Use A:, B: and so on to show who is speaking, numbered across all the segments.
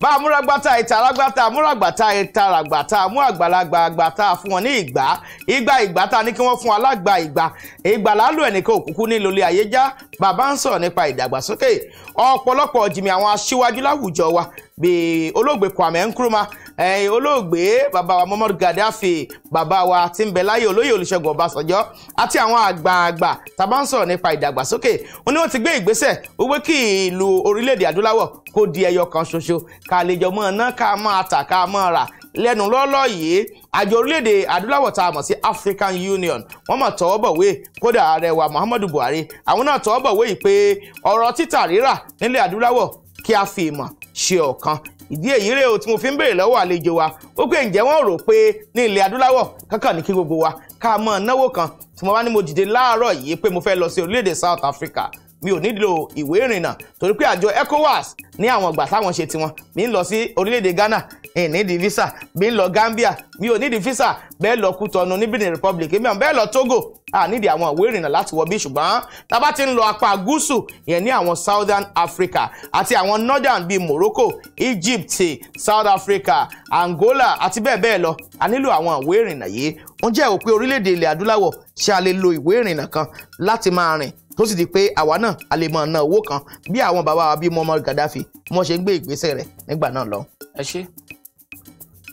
A: bá a múra gbàtà ìta alágbàtà múra gbàtà ìta ràgbàtà mú àgbàlagbà àgbàtà fún wọn ní ìgbà ìgbà ìgbà ta ni kí wọ́n fún alágbà ìgbà ìgbà lálù ẹnìkan òkùnkùn ní lórí ayéjá bàbá ń sọ̀rọ̀ nípa ìdàgbàsókè ọ̀pọ̀lọpọ̀ jìmì àwọn aṣíwájú láwùjọ wa bíi olóògbé Kwame Nkrumah ẹ̀yin olóògbé bàbá wa Muhammadu Gaddafi bàbá wa tí ń bẹ láyé olóyè Olúṣẹ́gun Ọbásanjọ́ àti àwọn àgbààgbà tàbá ń sọ̀rọ̀ nípa ìdàgbàsókè wọn ni wọ́n ti gbé ìgbésẹ̀ wípé kí ìlú orílẹ̀-èdè adúláwọ̀ kó di ẹyọ kan ṣoṣo ká lè jọ mọ́ ná ká máa tà ká máa rà lẹ́nu lọ́lọ́ yìí àjọ orílẹ̀-èdè adúláwọ̀ tá a mọ̀ sí African Union wọ́n mọ̀ tọwọ́ bọ̀wé kódà ààrẹ wa Muhammadu Buhari àwọn náà tọwọ́ bọ̀wé yìí pé ọ̀rọ̀ títà rírà nílẹ̀ adúláwọ̀ kí a fi ìmọ̀ ṣe ọ̀kan ìdí èyí rèé o tí mo fi ń béèrè lọ́wọ́ àlejò wa ó pé ǹjẹ́ wọ́n rò pé ní ilẹ̀ adúláwọ̀ kankan ní kí gbogbo wa ká mọ̀ náwó kan tí mo bá ní mo dìde láàárọ̀ yìí pé mo fẹ́ lọ sí orílẹ̀-èdè South Africa mi ò nílò ìwé ìrìnnà torí pé àjọ ECOWAS ní àwọn ìgbà táwọn ṣe tiwọn mi ń lọ sí orílẹ̀-èdè Ghana ìnídìí visa bí ń lọ Gambia mi ò nídìí visa bẹ́ẹ̀ lọ Kútọ̀nù ní Benin Republic èmi àwọn bẹ́ẹ̀ lọ Togo a nídìí àwọn ìwé ìrìnnà láti wọ bí ṣùgbọ́n tá bá ti ń lọ apá gúúsù yẹn ní àwọn Southern Africa àti àwọn Northern bíi Morocco Egypt South Africa Angola àti bẹ́ẹ̀ bẹ́ẹ̀ lọ a nílò àwọn ìwé ìrìnnà yìí ń jẹ́ òpin orílẹ̀-èdè ilẹ̀ adúláwọ̀ ṣe a lè lo ìwé ìrìnnà kan láti máa rìn tó sì di pé àwa náà a lè máa ná owó kan bí àwọn bàbá wa bíi Muammar Gaddafi wọ́n ṣe ń gbé ìgbésẹ̀ rẹ̀ nígbà náà lọ.
B: ẹ ṣé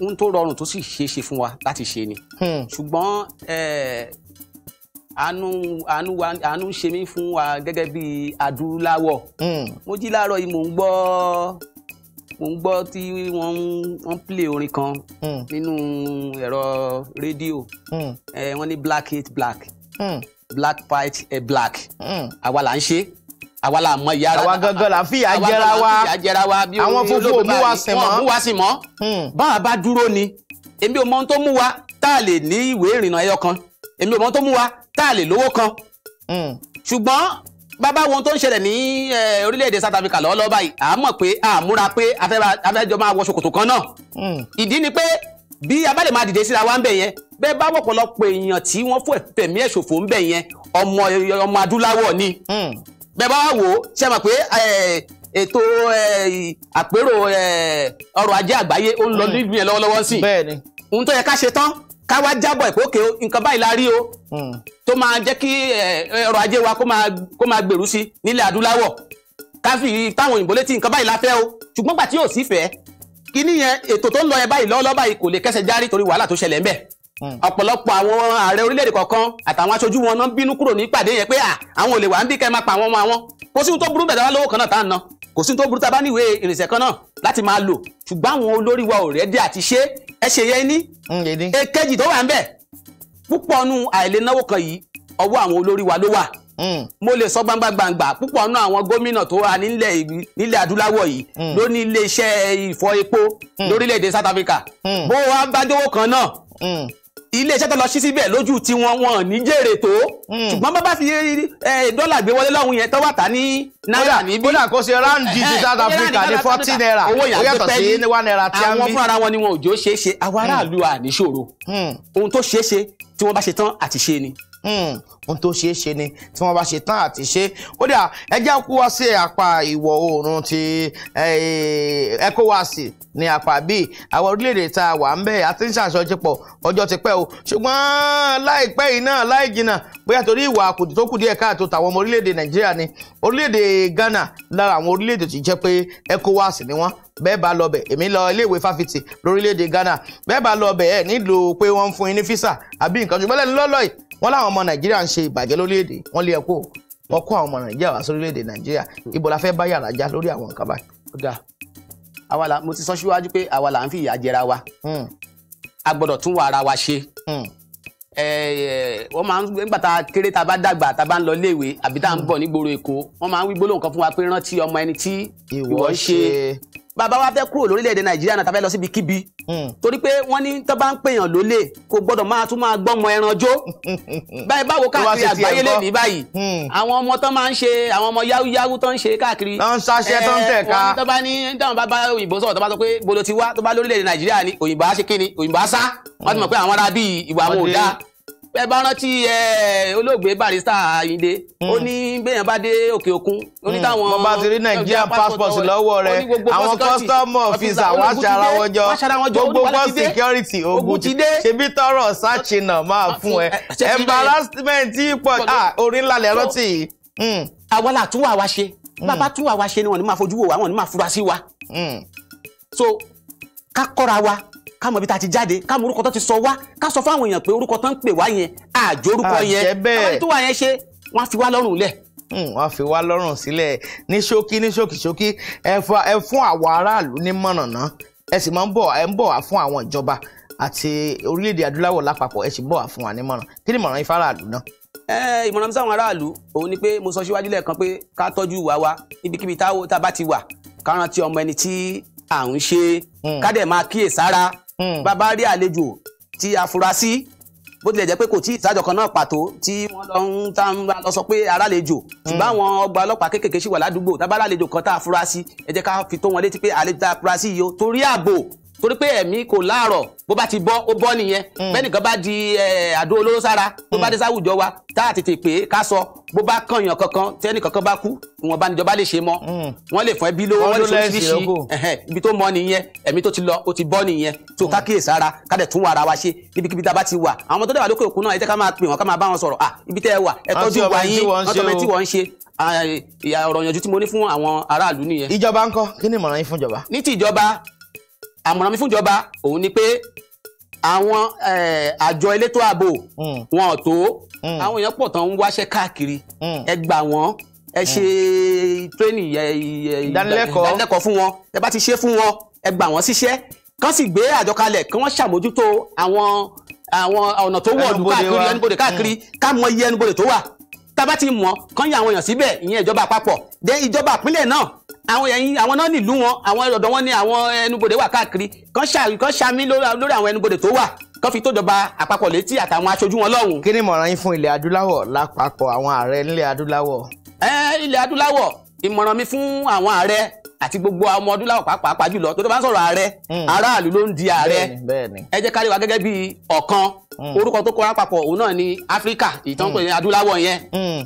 B: ohun tó rọrùn tó sì ṣeé ṣe fún wa láti ṣe ni hmm. ṣùgbọ́n àánú àánú wa àánú ń ṣe mí fún wa gẹ́gẹ́ bí adúláwọ̀ hmm. mo jí láàárọ̀ yìí mò ń gbọ́ mo ń gbọ́ tí wọ́n ń play orin kan hmm. nínú ẹ̀rọ rédíò wọ́n ní black hate black black fight black àwa là ń ṣe àwa la mọ ìyá àwa gangan la fi àjẹra wa àwọn fúnfún ò mú wa sìn mọ́ mú wa sìn mọ́ hmm. bá bá dúró ni èmi ò mọ ohun tó mú wa tá a lè ní ìwé ìrìnnà ẹyọ kan èmi ò mọ ohun tó mú wa tá a lè lówó kan hmm. ṣùgbọ́n bàbá wo ohun tó ń ṣẹlẹ̀ ní eh, orílẹ̀-èdè South Africa lọ́wọ́lọ́wọ́ báyìí à á mọ̀ pé à á múra pé afẹ́jọ máa wọ ṣòkòtò kan náà hmm. ìdí ni pé bí a bá lè máa dìde síra wa ń bẹ̀ yẹn bẹ́ẹ̀ bá wọ̀pọ̀lọpọ̀ èèyàn tí wọ́n fẹ̀mí ẹ̀ ṣòfò ń bẹ̀ yẹn ọmọ adúláwọ̀ ni bẹ́ẹ̀ bá wò ó ṣe mọ̀ pé ètò àpérò ọrọ̀ ajé àgbáyé ó ń lọ hmm. nílùú yẹn lọ́wọ́lọ́wọ́ sí i ohun tó yẹ ká ṣe tán ká wá jábọ̀ ìpè òkè nǹkan báyìí la rí o hmm. tó máa jẹ́ kí ọrọ̀ ajé wa kó máa gbèrú sí nílẹ̀ adúláwọ̀ ká fi táwọn òyìnbó létí nǹkan báyìí la fẹ́ o ṣùgbọ́n gbà yóò sí fẹ́ kíní yẹn ètò tó ń lọ yẹn báyìí lọ́wọ́lọ́wọ́ báyìí kò lè kẹsẹ̀ járí torí wàhálà tó ṣẹlẹ̀ ńbẹ̀ Hmm. ọ̀pọ̀lọpọ̀ àwọn ààrẹ orílẹ̀-èdè kọ̀ọ̀kan àtàwọn aṣojú wọn náà bínú kúrò ní yẹn pé àwọn ò wà ń bí kẹ́ máa pa àwọn ọmọ àwọn kò sí ohun tó burú bẹ̀dá lówó kan náà tá à ń ná kò sí ohun tó burú tá a ìrìnsẹ̀ kan náà láti máa lò ṣùgbọ́n àwọn olórí wa ò rẹ́dí àti ṣe ẹ ṣe yẹ ní. Hmm, èkejì tó wà ń bẹ̀ púpọ̀ nù àìlénáwó kan yìí ọwọ́ àwọn olórí wa ló wà hmm. mo lè sọ gbangba gbangba púpọ̀ náà àwọn gómìnà tó wà nílẹ̀ nílẹ̀ adúláwọ̀ yìí ló ní iléeṣẹ́ ìfọ epo lórílẹ̀‐èdè South Africa bó wa bá dówó kan náà iléeṣẹ́ tó lọ sí síbẹ̀ lójú tí wọ́n wọ́n ní jèrè tó hmm. ṣùgbọ́n bá bá fi eh, dọ́là gbé wọlé lọ́hùn yẹn tó wà tá ní náírà níbí. kódà kó ṣe round eh, g eh, South Africa ní fourteen naira owó yàtọ̀ sí ní one naira tí a ń bí. àwọn fúnra wọn ni
A: wọn ò jọ ṣeé ṣe hmm. aráàlú à hmm. ohun tó ṣeé tí wọ́n bá ṣe tán àti ṣe ni. Hmm, ohun tó ṣeé ṣe ni tí wọ́n bá ṣe tán àti ṣe ó dà ẹ jẹ́ kó wá sí apá ìwọ̀ oòrùn ti eh, ECOWAS ní apá bíi àwọn orílẹ̀-èdè tá a wà ń bẹ̀ àti ń ṣàṣọjọpọ̀ ọjọ́ ti pẹ́ o ṣùgbọ́n láìpẹ́ yìí náà láì jìnnà bóyá torí ìwà àkùdù tó kù díẹ̀ káàtó tàwọn ọmọ orílẹ̀-èdè nàìjíríà ni orílẹ̀-èdè ghana lára àwọn orílẹ̀-èdè tó jẹ́ pé ECOWAS ni wọ́n bẹ́ẹ̀ bá lọ bẹ̀ èmi lọ iléèwé fáfitì lórílẹ̀‐èdè Ghana bẹ́ẹ̀ bá lọ bẹ̀ ẹ̀ nílò pé wọ́n ń fún yín ní físà àbí nǹkan ṣùgbọ́n lẹ́nu lọ́lọ́ yìí wọ́n láwọn ọmọ nàìjíríà ń ṣe ìbàjẹ́ lórílẹ̀‐èdè wọ́n lé ẹ kó wọ́n kó àwọn ọmọ nàìjíríà wá sórílẹ̀‐èdè nàìjíríà ibo la fẹ́ bá yàrá já lórí àwọn nǹkan báyìí. ọ̀dà àwa la
B: mo ti sọ síwájú pé àwa la ń fi ìyà jẹra wa hmm. a gbọ́dọ̀ tún wa ara wa ṣe hmm. wọ́n máa ń nígbà tá a kéré tá a bá dàgbà tá a bá ń lọ iléèwé àbí tá a ń hmm. bọ̀ nígboro èkó wọ́n máa ń wí gbólóhùn fún wa pé rántí ọmọ ẹni tí ìwọ ṣe bàbá wa fẹ́ kúrò lórílẹ̀‐èdè nàìjíríà náà tàbí lọ síbi kíbi hmm. torí pé wọ́n ní tó bá ń pèèyàn lólè kò gbọ́dọ̀ máa tún máa gbọ́mọ ẹran jó báyìí báwo káàkiri àgbáyé lè ní báyìí hmm. àwọn ọmọ tó máa ń ṣe àwọn ọmọ yahoo yahoo tó ń ṣe káàkiri. tó ń ṣaṣẹ tó ń eh, tẹ̀ka. wọ́n tó bá ní dáhùn bá bá òyìnbó sọ̀rọ̀ tó bá sọ pé bolo ti wá tó bá lórílẹ̀‐èdè nàìjíríà ni òyìnbó á ṣe kíni òyìnbó á sá wọ́n ti mọ̀ pé ẹ bá rántí ẹ olóògbé barista Ayinde hmm. ó ní béèyàn bá dé òkè òkun ó ní hmm. táwọn mo bá ti rí Nigerian passport lọ́wọ́ rẹ àwọn custom officer wá ṣara wọn jọ gbogbo port security ogun ti dé
A: ṣebí tọrọ sáàchì náà máa fún ẹ embarrassment pọ̀ ah, orin ńlá lẹ́rọ́ tì hmm. í.
B: àwa là tún wà wá ṣe bàbá tún wà wá ṣe ni wọn ni máa fojú wò wá wọn ni máa fura sí wa so ká kọ́ra wa ká mọ ibi tá a ti jáde ká mọ orúkọ tó ti sọ wá ká sọ fáwọn èèyàn pé orúkọ tó ń pè wá yẹn àjò orúkọ yẹn àwọn tó wà yẹn ṣe wọ́n á fi wá lọ́rùn lẹ̀
A: hmm, wọ́n fi wá lọ́rùn sílẹ̀ ní ṣókí ní ṣókí ṣókí ẹ fún àwọn aráàlú ní mọ̀nàná ẹ sì máa ń bọ̀ ẹ ń bọ̀ wá fún àwọn ìjọba àti orílẹ̀-èdè adúláwọ̀ lápapọ̀ ẹ sì bọ̀ wá fún wa ní mọ̀nà ìmọ̀ràn ifá aráàlú
B: ẹ ìmọ̀ràn wa ibikíbi tá a bá ti wà ká rántí Hmm. bàbá rí àlejò tí afurasí bó tilẹ̀ jẹ́ pé kò tí ì kan náà pàtó tí wọ́n lọ sọ pé arálejò hmm. ṣùgbọ́n àwọn ọgbà ọlọ́pàá kéékèèké ṣì wà ládùúgbò tábà arálejò kan tá a fura sí ẹ jẹ́ ká fi tó wọn létí pé àlejò tá a fura sí yìí o torí ààbò torí pé ẹ̀mí kò láàrọ̀ bó bá ti bọ́ ó bọ́ nìyẹn mm. bẹ́ẹ̀ nìkan bá di àdó olóró sára tó bá mm. dé sáwùjọ wa tá a tètè pè é ká sọ bó bá kànyàn kankan tẹ́nì kankan bá kú wọn bá níjọba lè ṣe mọ́ mm. wọn lè fún ẹbí lówó wọn lè ṣe oríṣiríṣi ibi tó mọ nìyẹn ẹ̀mí tó ti lọ ó ti bọ́ nìyẹn tó ká kíyè sára ká dẹ̀ tún wà ara wa ṣe níbikíbi tá a bá ti wà àwọn tó dẹ̀ lókè òkun náà ẹ ká máa pè wọ́n ká máa bá wọn sọ̀rọ̀ ah ibi tẹ́ ẹ wà ẹ tọ́jú wa yín wọ́n tọ́mẹ tí wọ́n ń ṣe ọ̀rọ̀ ìyànjú tí mo ní fún àwọn aráàlú nìyẹn. ìjọba ńkọ́ kí ni ìmọ̀ràn yín fún ìjọba. ní ti ìjọba àmọ̀ràn mi fúnjọba òun ni pé àwọn eh, àjọ elétò ààbò hmm. wọn ò tó hmm. àwọn èèyàn pọ̀ tán ń wáṣẹ́ káàkiri hmm. ẹ gbà wọ́n ẹ ṣe tírénì ìdánilẹ́kọ̀ọ́ fún wọn ẹ bá ti ṣe fún wọn ẹ gbà wọ́n síṣẹ́ kán sì gbé àjọ kalẹ̀ kí wọ́n ṣàmójútó àwọn àwọn ọ̀nà tó wọ̀ lù káàkiri ẹnubodè káàkiri ká mọ iye ẹnubodè tó wà tá a bá ti mọ̀ kán yẹ àwọn èèyàn síbẹ̀ ìyẹn ìjọba àpapọ̀ dé ìjọba ìpínlẹ̀ náà àwọn yẹn àwọn náà nílùú wọn àwọn ọ̀dọ̀ wọn ni àwọn ẹnubodè wà káàkiri kan ṣàmì kan ṣàmì lórí àwọn ẹnubodè tó wà kan fi tó jọba àpapọ̀ létí àtàwọn aṣojú wọn lọ́hùn.
A: kí ni ìmọ̀ràn yín fún ilẹ̀ adúláwọ̀ lápapọ̀ àwọn ààrẹ ilẹ̀ adúláwọ̀.
B: ẹ ilẹ̀ adúláwọ̀ ìmọ̀ràn mi fún àwọn ààrẹ àti
A: gbogbo ọmọ adúláwọ̀ pàápàá jùlọ tó tó bá ń sọ̀rọ̀ ààrẹ hmm. aráàlú ló ń di ààrẹ
B: ẹ jẹ́ kárí wa gẹ́gẹ́ bí ọ̀kan hmm. orúkọ tó kọ́ra papọ̀ òun náà ni áfíríkà ìtàn hmm. pé adúláwọ̀ yẹn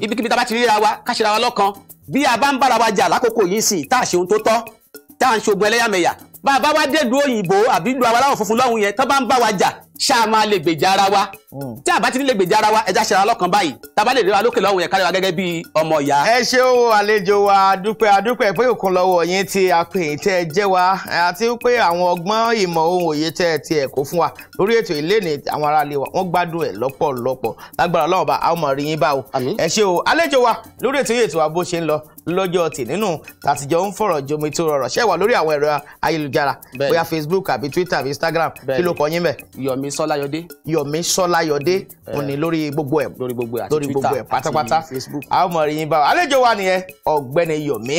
B: ibikíbi tá a bá ti ríra wa ká ṣe ra wa lọ́kan bí a bá ń bára wa jà lákòókò yìí sì tá a ṣe ohun tó tọ́ tá a ń ṣe ogun ẹlẹ́yàmẹ̀yà bàbá wa dé ìlú òyìnbó àbí ìlú aláwọ̀ funfun lọ́hùn yẹn tó bá ń bá wa jà ṣáà máa lè gbèjà ara wa hmm. tí àbá ti ní lè gbèjà ara wa ẹja ṣe ara lọ́kàn báyìí tábà lè rí wa lókè lọ́hùn yẹn kárí wa gẹ́gẹ́ bí ọmọ
A: ìyá. ẹ ṣé o àlejò wa adúpẹ́ adúpẹ́ pé òkun lọ́wọ́ yín ti apèyìn tẹ́ ẹ jẹ́ wa àti pé àwọn ọgbọ́n ìmọ̀ ohun òye tẹ́ ẹ ti ẹ̀ kó fún wa lórí ètò ìléni àwọn ará ilé wa wọ́n gbádùn ẹ̀ lọ́pọ̀lọpọ̀ lágbára lọ́wọ́ bá a ó mọ̀ rí yín bá ẹ ṣé o àlejò wa lórí ètò yìí wa bó ṣe ń lọ lọ́jọ́ tì nínú tàtijọ́ ń fọ̀rọ̀ jomi tó rọrọ̀ ṣẹ́ wà lórí àwọn ẹ̀rọ ayélujára bóyá facebook àbí twitter àbí instagram kí ló kọ yín bẹ̀. yomi sọláyọdé. yomi sọláyọdé òní lórí gbogbo ẹ̀ lórí gbogbo ẹ̀ àti twitter pátápátá facebook. àwọn ọmọ rẹ yín bá wa àlejò wa nìyẹn ọ̀gbẹ́ni yomi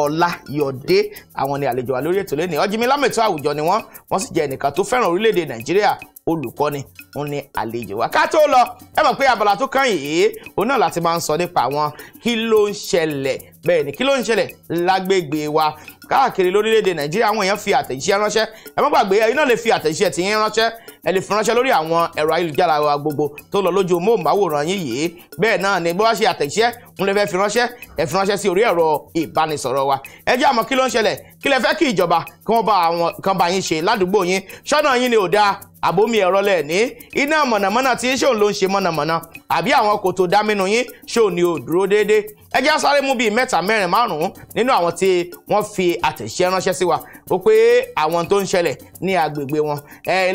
A: ọláyọdé àwọn ni àlejò wa lórí ètò lẹ́nìí ọjìmí lámẹ̀tọ́ àwùjọ ni wọ́n wọ́n sì jẹ́ ẹnìkan tó fẹ́ràn orílẹ̀-èdè nàìjíríà olùkọ́ni ń ní àlejò wa ká tó lọ ẹ mọ̀ pé abala tó kàn yìí òun náà láti máa ń sọ nípa àwọn kí ló ń ṣẹlẹ̀ bẹ́ẹ̀ ni kí ló ń ṣẹlẹ̀ lágbègbè wa káàkiri lórílẹ̀‐èdè nàìjíríà àwọn èèyàn fi àtẹ̀jíṣẹ́ ránṣẹ́ ẹ má gbàgbé ẹ̀yin náà lè fi àtẹ̀jíṣẹ́ tìyín ránṣẹ́ ẹ lè fi ránṣẹ́ lórí àwọn ẹ̀rọ ayélujára wa gbogbo tó lọ lójú móhùnmáwòrán yín yìí bẹ́ẹ̀ náà ni bọ́wá ṣe àtẹ̀jíṣẹ́ ń lè fẹ́ fi ránṣẹ́ ẹ fi ránṣẹ́ sí orí ẹ̀rọ ìbánisọ̀rọ̀ wa ẹ jẹ́ àmọ́ kí ló ń ṣẹlẹ̀ kí lẹ fẹ́ kí ìjọba kí wọ́n bá àwọn kan bá yín ṣe ládùúgbò yín ṣọ́nà yín ni ò dáa àbómi ẹ̀rọ lẹ̀ ní iná mọ̀nàmọ́ná tí ṣé òun ló ń ṣe mọ̀nàmọ́ná àbí àwọn kòtò dámínú yín ṣé ni ò dúró déédéé ẹ jẹ́ sáré mú bíi mẹ́ta mẹ́rin márùn-ún nínú àwọn tí wọ́n fi àtẹ̀ṣẹ́ ránṣẹ́ sí wa ó pé àwọn tó ń ṣẹlẹ̀ ní agbègbè wọn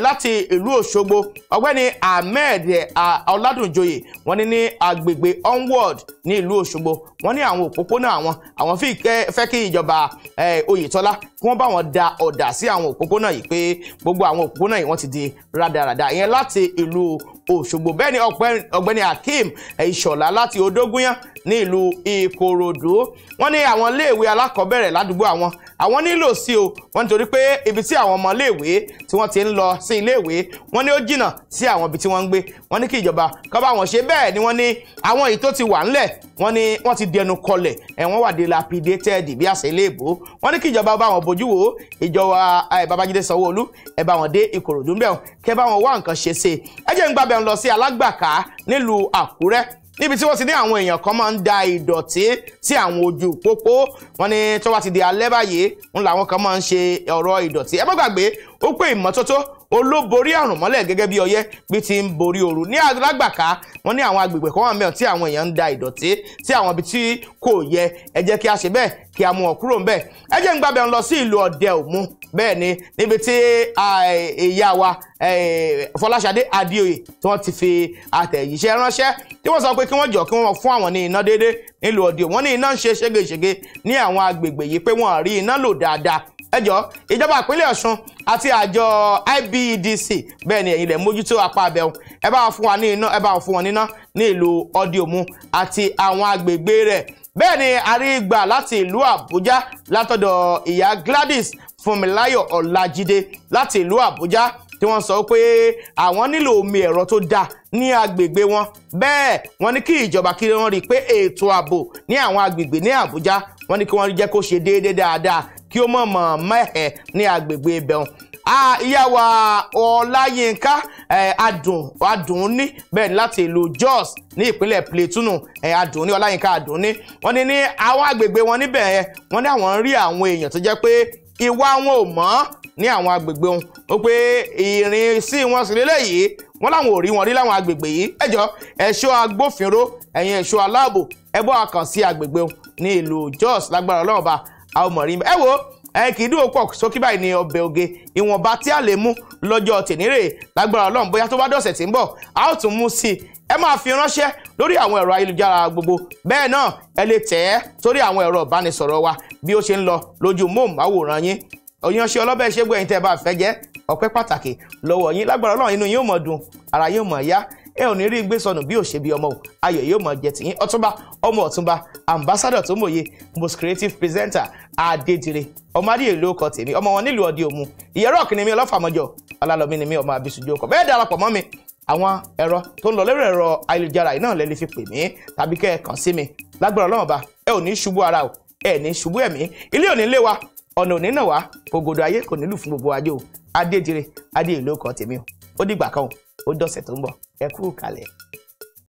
A: láti ìlú Òṣogbo ọ̀gbẹ́ni Ahmed Ọládùnjoyè wọ́n ní ní agbègbè onward ní ìlú Òṣogbo wọ́n ní àwọn òpópónà àwọn àwọn fẹ́ kí ìjọba Oyètọ́lá kí wọ́n bá wọn da ọ̀dà sí àwọn òpópónà yìí pé gbogbo àwọn òpópónà yìí wọ́n ti di rádaràda ìyẹn láti ìlú Òṣogbo bẹ́ẹ̀ ni ọ̀gbẹ́ni Hakeem Ìṣọ̀lá láti Odógúnyán ní ìlú Ìkòròdú wọ́n ní àwọn iléèwé alákọ̀ọ́bẹ̀rẹ̀ ládùúgbò àwọn àwọn nílò sí o wọ́n nítorí pé ibi tí àwọn ọmọléèwé tí wọ́n ti ń lọ sí iléèwé wọ́n ní ó jìnnà sí àwọn ibi tí wọ́n ń gbé wọ́n ní kí ìjọba kó bá wọn ṣe bẹ́ẹ̀ ni wọ́n ní àwọn èyí tó ti wà ńlẹ̀ wọ́n ní wọ́n ti dẹnu kọlẹ̀ ẹ̀ wọ́n wà dilapidated bí àṣẹ iléèbó wọ́n ní kí ìjọba bá wọn bójú wo ìjọba Babájídé Sanwó-Olú ẹ bá wọn dé Ìkòròdú ń ń lọ sí alágbàká nílùú àkúrẹ́ níbi tí wọ́n ti ní àwọn èèyàn kan máa ń da ìdọ̀tí sí àwọn ojú pópó wọn ni tó bá ti di alẹ́ báyìí ń làwọn kan máa ń ṣe ọ̀rọ̀ ìdọ̀tí ẹ má gbàgbé ó pé ìmọ́tótó olóborí àrùn mọ́lẹ̀ gẹ́gẹ́ bí ọyẹ́ bí ti ń borí ooru ní alágbàká wọ́n ní àwọn agbègbè kan wà mẹ́ọ̀ tí àwọn èèyàn ń da ìdọ̀tí tí àwọn ibi tí kò yẹ ẹ jẹ́ kí a ṣe bẹ́ẹ̀ kí a mú wọn kúrò ńbẹ̀ ẹ jẹ́ ń gbàbẹ̀ ń lọ sí ìlú ọ̀dẹ òmu bẹ́ẹ̀ ni níbi tí ìyá wa Fọláṣadé Adéoyè tí wọ́n ti fi àtẹ̀jíṣẹ́ ránṣẹ́ tí wọ́n sọ pé kí wọ́n jọ kí wọ́n fún àwọn ní iná déédéé nílùú ọ̀dẹ òmu wọ́n ní iná ń ṣe ṣégeṣége ní àwọn agbègbè yìí pé wọ́n rí iná lò dáadáa ẹjọ́ ìjọba ìpínlẹ̀ Ọ̀ṣun àti àjọ IBEDC bẹ́ẹ̀ ni ẹ̀yin lẹ̀ mójútó apá abẹ́hùn ẹ bá fún wa ní iná ẹ bá fún wọn níná ní ìlú ọdíòmù àti àwọn agbègbè rẹ̀ bẹ́ẹ̀ ni àrígbà láti ìlú Àbújá látọ̀dọ̀ ìyá Gladys Fúnmiláyọ̀ Ọlájídé láti ìlú Àbújá tí wọ́n sọ pé àwọn nílò omi ẹ̀rọ tó dáa ní agbègbè wọn bẹ́ẹ̀ wọ́n ní kí ìjọba kiri wọn rí i pé ètò ààbò ní àwọn agbègbè ní Àbújá wọ́n ní kí wọ́n jẹ́ kó ṣe déédéé dáadáa kí ó mọ̀ mọ̀ ní agbègbè ibẹ̀hùn ìyá wa ọláyínká adùn adùnní bẹ́ẹ̀ láti ìlú Jos ní ìpínlẹ̀ Plateau adùnní ọláyínká adùnní wọ́n ní ní àwọn agbègbè wọn níbẹ̀ yẹn wọ́n ní àwọn ń rí àwọn èèyàn tó jẹ́ pé ìwà wọn ò mọ́ ní àwọn agbègbè wọn ó pé ìrìnsí wọn sì lélẹ́yìí wọ́n láwọn ò rí wọn rí láwọn agbègbè yìí ẹjọ́ ẹ̀ṣọ́ agbófinró ẹ̀yìn ẹ̀ṣọ́ aláàbò ẹbọ àkànṣe agbègbè ní ìlú Jos lágbára Ọlọ́run bá a ò mọ̀ rí ẹ wo ẹ kì í dúró pọ̀ sókí báyìí ní ọbẹ̀ oge ìwọ̀nba tí a lè mú lọ́jọ́ tènírè lágbára Ọlọ́run bóyá tó bá dọ̀sẹ̀ tí ń bọ̀ a ó tún mú sí i ẹ máa fi ránṣẹ́ lórí àwọn ẹ̀rọ ayélujára gbogbo bẹ́ẹ̀ náà ẹ lè tẹ̀ ẹ́ sórí àwọn ẹ̀rọ ìbánisọ̀rọ̀ wa bí ó ṣe ń lọ lójú móhùnmáwòrán yín òyìnbó ọlọ́bẹ̀ ṣégbó ẹ̀yin tẹ́ bá fẹ́ jẹ́ ọpẹ́ pàtàkì lọ́wọ́ yín lágbára Ọlọ́run inú yóò mọ̀ dùn ara yóò mọ̀ yá ẹ ò ní rí gbé sọnù bí òṣèbí ọmọ o ayọ̀ yóò mọ̀ jẹ tìyín ọtúnba ọmọ ọtúnba ambassador tó mòye most creative presenter adédire ọmọ adìyẹ ló kọ tèmi ọmọ wọn nílùú ọdí òmu ìyẹrọ ọkìnrin mi ọlọfàmọjọ ọlálọmí ni mi ọmọ abisujú ọkọ bẹ́ẹ̀ darapọ̀ mọ́ mi àwọn ẹ̀rọ tó ń lọ lórí ẹ̀rọ ayélujára yìí náà lẹ lè fi pè mí tàbí kẹ́ ẹ kàn sí mi lágbára Ọlọ́run ọba ẹ ò ní ṣubú ara ẹ ní ṣubú ẹ̀mí ilé òní lé wa ọ̀nà òní náà wá gbogbo ayé kò nílù fún gbogbo ajé o adédire adé ìlú ọkọ̀ tèmi o ó dìgbà kan o ó dọ̀sẹ̀ tó ń bọ̀ ẹ kú kàlẹ̀.